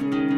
thank you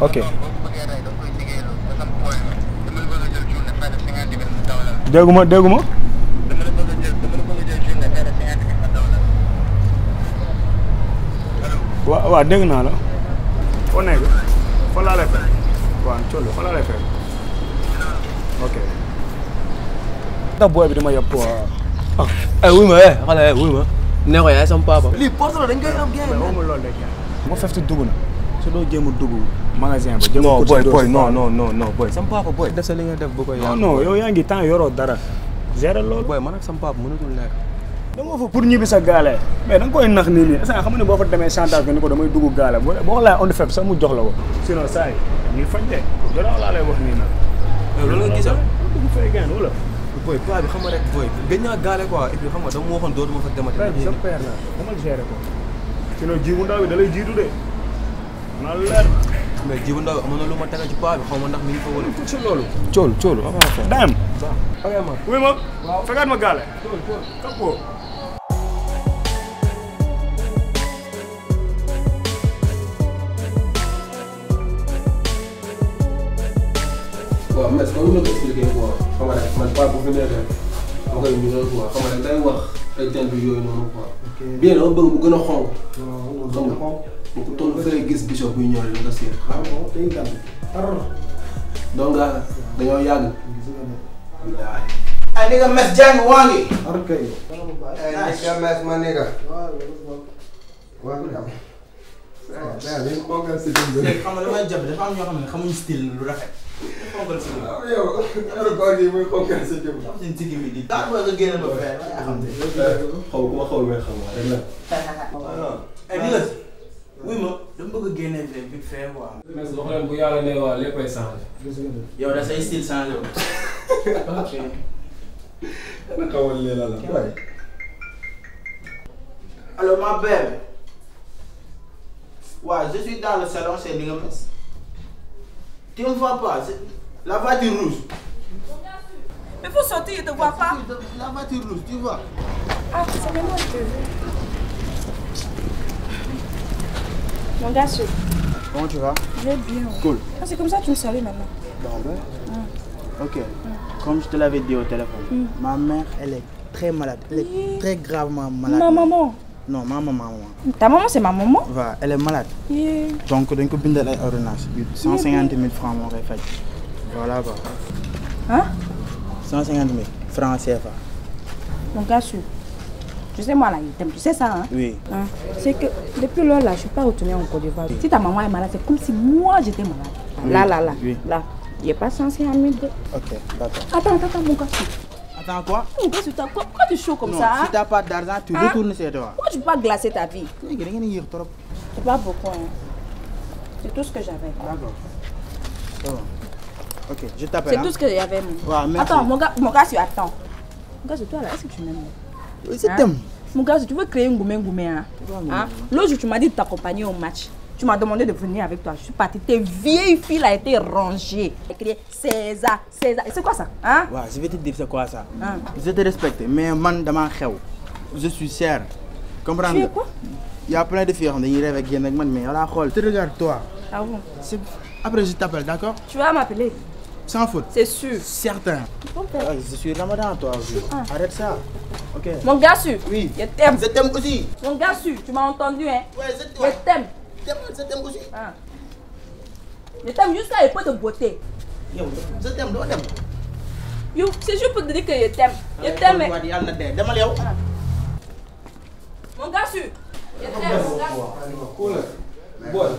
ok dégguma dégguma waaw waaw dégg naa la foo nekk fan laa lay fekk waaw Thiolo fan laa lay fekk ok ndax booy bi dama yab quoi ah eh, wuy ma eh xale eh, wuy ne ko yaay sama papa. lii porte la dañ koy am gerte. mais loolu rek ma fefti dugg na su doo jéem a dugg magasin ba. jéem a boy boy non def sa li nga def bu ko yàq. yaa ngi temps yoroo dara. gérer loolu boy man ak sama papa mënatul nekk. dama fa pour ñibbi sa gaale mais da nga koy nax nii nii est xam ne boo fa demee chantage ko ni ko damay dugg gaale boo ko laajee on sax mu jox la ko. sinon saa yi ñuy fañ de. loolu laa lay wax nii nag. loolu nga gisal. Ah? dugg fay gaan wala. booy plat bi xam nga rek booy gën naa gaale quoi et da xam nga dama waxoon dootuma fa demati. père bi sa père la dama géré ko. sinon jiwu ndaw bi da lay jiitu de na leer. mais jiwu ndaw bi amoon na lu ma tege ci plat bi xaw ma ndax mi ngi fa wala. ci loolu. coolu coolu avant. dayam. waaw. ma. fekkaat ma gaale. coolu coolu. xam nga ko expliqué quoi xam nga rek man paa bu fi nekkee ma koy ñu quoi xam nga rek day wax ay jant yooyu noonu quoi. bien dama bëgg bu gën a xonk. waaw xam nga bu ko toll fële gis bishop buy ñëw rek nga seet. waaw waaw day gàll. donc ah, dañoo yàgg. ay ah, nigga mes jàng waa ngi. ok. ay eh, nigga mes ma nigga. Ah, waa ngi am. waaw waaw yéen kooku ak si. xam nga damay jàpp dafa am ñoo xam ne xamuñu style lu rafet. xonkal si moom. yow heure koor gi muy xonkal si jëm. am nañu tigi mi di. daa ko nga génne ma fee. xaw ma xaw ma xaw ma rek la. wuy ma dama bëgg a génne fee vite fait quoi. mais wax leen bu yàlla nee waa léppay changé. yow da say style changé wu. ok. dana xawal leen la la waaye. allo ma belle. waaw je suis dans le salon c'est Ligamès. tu me vois pas La voiture rouge. Mais faut sortir, il ne te voit pas. La voiture rouge, tu vois. Ah, c'est vraiment je te veux. Mon gars, sûr. Comment tu vas Je vais bien. Cool. Ah, ah. te l'avais dit au téléphone, mm. ma mère, elle est très malade. Elle est oui. très gravement malade. Ma non ma maman ma ta maman c'est ma maman. waaw elle est malade. Yeah. donc dañ ko bindal ay ordonnance. 150 hmm. 000 francs moo koy faj. voilà quoi. ah. 150 000 francs CFA. mon gars sûr. Tu sais, moi, là, il t'aime, tu sais ça, hein? Oui. Hein? C'est que depuis lors, là, je ne suis pas retournée en Côte d'Ivoire. Oui. Si ta maman est malade, c'est comme si moi, j'étais malade. Oui. Là, là, de... Ok, d'accord. Attends, attends, attends, mon gars. Attends, quoi? Mon gars, tu quoi? Pourquoi tu chaud comme non, ça? Si hein? tu n'as pas d'argent, tu hein? retournes Ok, je t'appelle. C'est tout ce qu'il y avait. mon gars, mon gars, tu attends. Mon gars, je toi là, est-ce que tu m'aimes Oui, je t'aime. Mon gars, tu veux créer un gourmet gourmet. Hein? Hein? L'autre jour, tu m'as dit de t'accompagner au match. Tu m'as demandé de venir avec toi. Je suis partie. Tes vieilles filles a été rangée. Écrit César, César. C'est quoi ça hein? je vais te dire c'est quoi ça. Hein? Je suis serre. Comprends quoi Il y a plein de filles qui rêvent avec moi, mais voilà, regarde-toi. Ah bon Après, je t'appelle, Sans faute. C'est sûr. Certain. Ah, je suis Ramadan, toi. Ah. Arrête ça. Ok. Mon gars sûr. Oui. Je t'aime. Je t'aime aussi. Mon gars sûr, tu m'as entendu, hein. Ouais, je t'aime. Je t'aime. Je t'aime aussi. Ah. Je t'aime jusqu'à l'époque de beauté. Yo, je t'aime, Yo, c'est juste pour te dire que je ah. Mon gars sûr. Je t'aime. Mon gars sûr.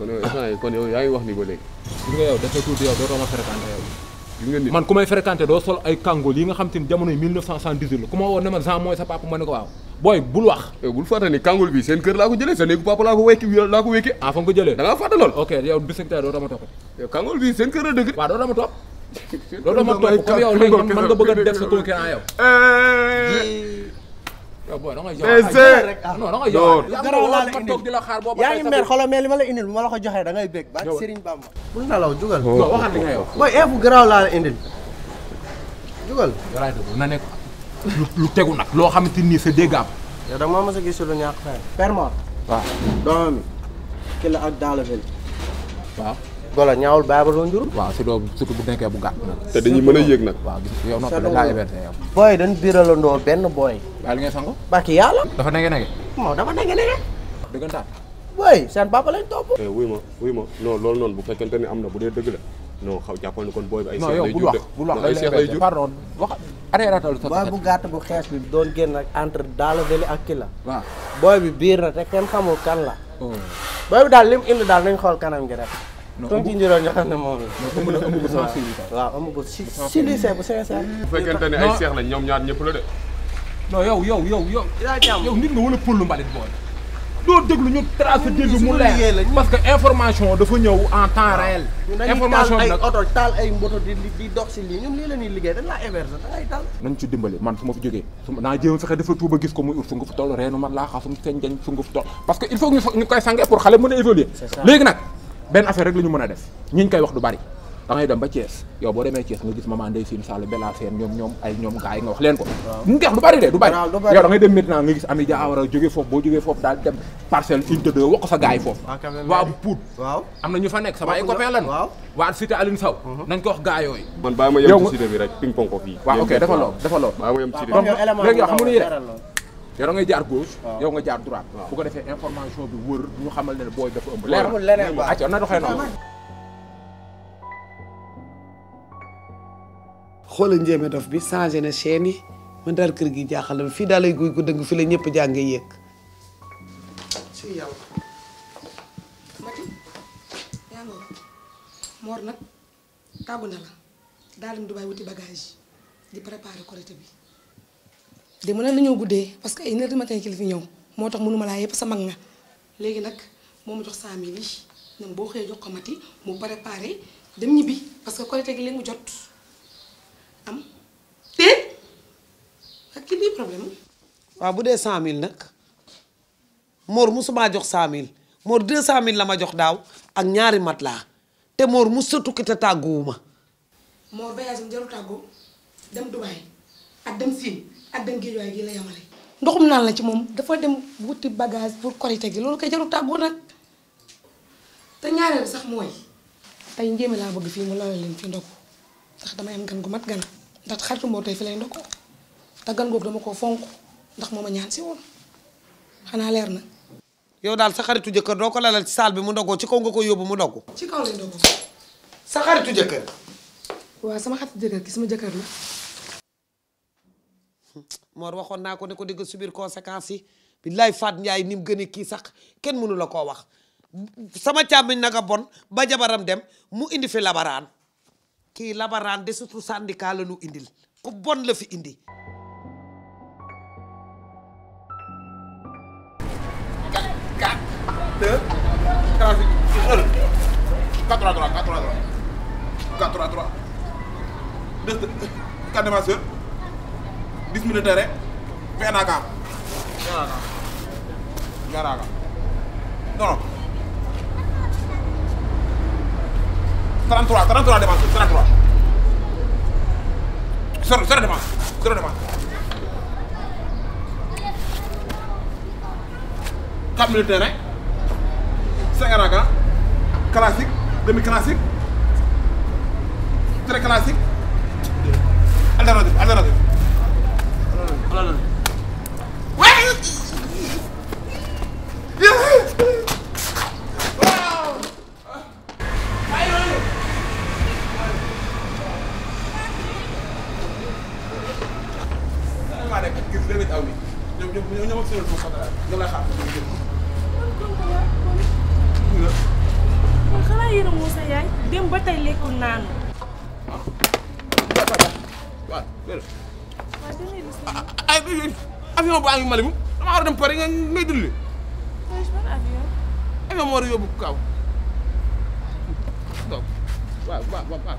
kon yow instant yaa ngi wax ni ba léegi. gis nga yow dafa tuuti yow dootoo ma fréquenté yow. gis nga nit man ku may doo sol ay kàngool yi nga xam te ni jamono yi 1978 la ku ma woo ne eh, ko jëlee sa néegu papa laa ko wekki laa ko wekki. ah fa ko jëlee da ngaa lool. ok yow du secteur dootoo ma topp. yow eh, kàngool bi seen kër la dëgg. waaw dootoo ma topp. dootoo ma topp comme yow léegi man nga bëgg def sa concurrent ah, yow eh. booy da ngay jox ah, da toog di la xaar boobu yaa ngi mer xoolal mais li ma la indil bu ma la ko joxee da ngay bég ba Serigne Bamba bul nalaw jugal waxal li nga yow booy info garaaw laa la indil jugal garaay lu tegu nag loo xamante ni sa dégg am yow da maa mos a gis lu ñàkk fay perma waaw doomam mi ki ak daala fel golo ñaawul bàyyi ba doon jur. waaw surtout surtout bu nekkee bu gàtt nag. te dañuy mën a yëg nag. waaw dañ laa hébergé benn booy. waaye li ngay sangu. barki yàlla. dafa nege nege. moom dafa nege nege. dëggantaan. booy seen papa lañ topp. Eh, wuy ma wuy ma loolu noonu bu fekkente ni am na bu dee dëgg la non xaw jàppal ni kon booy bi. ay seex lay jur de non yow bul wax booy bu gàtt bu xees bi doon génn ak entre daala veli ak kii la. waaw bi biir na te kenn xamul kan la. Oh. booy bi daal li mu indi daal nañ xool kanam gi rek tontu njëriñ nga xam ne moom la. amagul waaw amagul si si lycée bu sincère. bu fekkente ne mu leer parce que information dafa ñëw en temps réel. information bi nag ay moto di dox si lii ñun lii la liggéey dañ laa inversé da dimbali man su fi jógee naa jéem fexe dafa tuuba gis ko muy ut sunguf toll reenu man laa seen jañ sunguf toll parce que il faut ñu koy sangee pour xale mën a évoluer léegi nag. benn affaire rek la ñu mën a def ñi ñu wax du bari da dem ba Thiès yow boo demee Thiès nga gis maman Ndeye Sine Sall Bella Sène ñoom ñoom ay ñoom gars nga wax leen ko ñu ngi du bari de du bari yow da ngay dem maintenant nga gis Ami Dia war a jógee foofu boo jógee foofu daal dem parcelle unité deux sa gars foofu ah, waaw Pout waaw am na ñu fa nekk sama ay copain ko wax gars yooyu man bàyyi ma yem ci cité bi rek ping pong yow da ngay jaar gauche yow nga jaar droite bu ko defee information bi wër ñu xamal ne booy dafa ëmb leer acca na doxee dof bi changé na chaîne yi daal kër gi jaaxal na fii daal lay guy gu dëng fi la ñëpp jàngee yéeg si moor nag tàggu na la daalim Dubaay wuti bagage di préparer Korité bi de mën na ñëw guddee parce que ay une heure du matin li fi ñëw moo tax mënuma laa yëpp sa mag nga léegi nag moom ma jox cent mille yi nam boo xëyee jox ko mati mu préparé dem ñibbi parce que collecté gi lee mu jot am te ak ki lii problème waaw bu dee cent mille nag Mor musumaa jox cent mille Mor deux cent mille la ma jox daaw ak ñaari mat laa te moor mu sa tukki te tàgguwuma Mor voyage am jarul tàggoo dem Dubaay ak dem Siin ak benn géejuwaay yi la yamale ndoxum naan la ci moom dafa dem wuti bagage pour korite gi loolu koy jarul tàggoo nag te ñaareel sax mooy tey njéeme laa bëgg fii mu lawal leen fi ndogu ndax damay am gan gu mat gana ndax xaritu moo tey fi lay ndogu te gan googu dama koo fonk ndax moom a ñaan si woon xanaa leer na. yow daal sa xaritu jëkkër doo ko lalal saal bi mu ndogoo ci kaw nga ko yóbbu mu ndogu. ci kaw lay ndogu. sa xaritu jëkkër. waaw sama xaritu jëkkër ki sama jëkkër la. Mor waxoon naa ko ne ko dëgg subir conséquences yi lay Fat Ndiaye ni mu gën kii sax kenn mënu la koo wax sama càmmiñ naga bon ba jabaram dem mu indi fi labaraan kii labaraan de surtout syndicat la ñu indil ku bon la fi indi. 10 minutes വരെ വേണാക്കാം വേണാക്കാം വേണാക്കാം non 33 33 dépense 33 zéro zéro dépense zéro dépense 4 minutes terrain 5 raka classique demi classique très classique alternative alternative ba tey lekkul naanu. Ah. waaw ay avion baa ngi Mali mu dama war a dem Paris nga ngay dulli. avion. avion moo war a yóbbu kaw. waaw waaw waaw.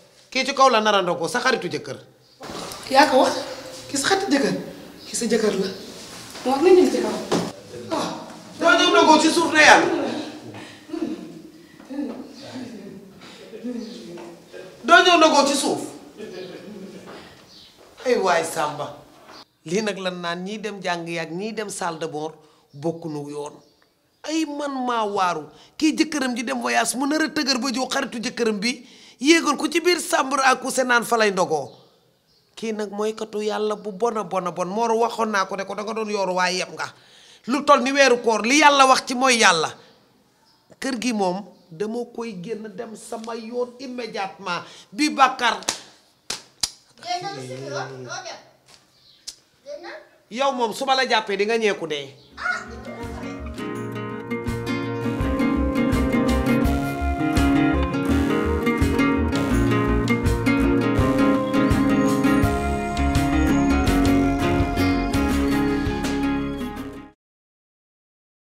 kii ci kaw la nar a ndogoo sa xaritu jëkkër. yaa ko wax kii sa jëkkër sa jëkkër la ci ah. doo ñëw ndogoo ci suuf na yàlla. doo ñëw ci suuf. ay waay lii nag lan naan ñii dem jàng yaag ñii dem salle de bokkunu yoon. ay man maa waaru kii jëkkëram ji dem voyage mu nar a tëgër ba jow xaritu jëkkëram bi. yéegal ko ci biir sàmbur ak ku se naan fa lay ndogoo kii nag mooy katu yàlla bu bona bona bon moor waxoon naa ko ne ko danga doon yooru waaye yeb nga lu toll ni weeru koor li yàlla wax ci mooy yàlla kër gi moom dama koy génn dem sama yoon immédiatement bi bàkkar yow moom su ma la jàppee di nga ñeeku de ah,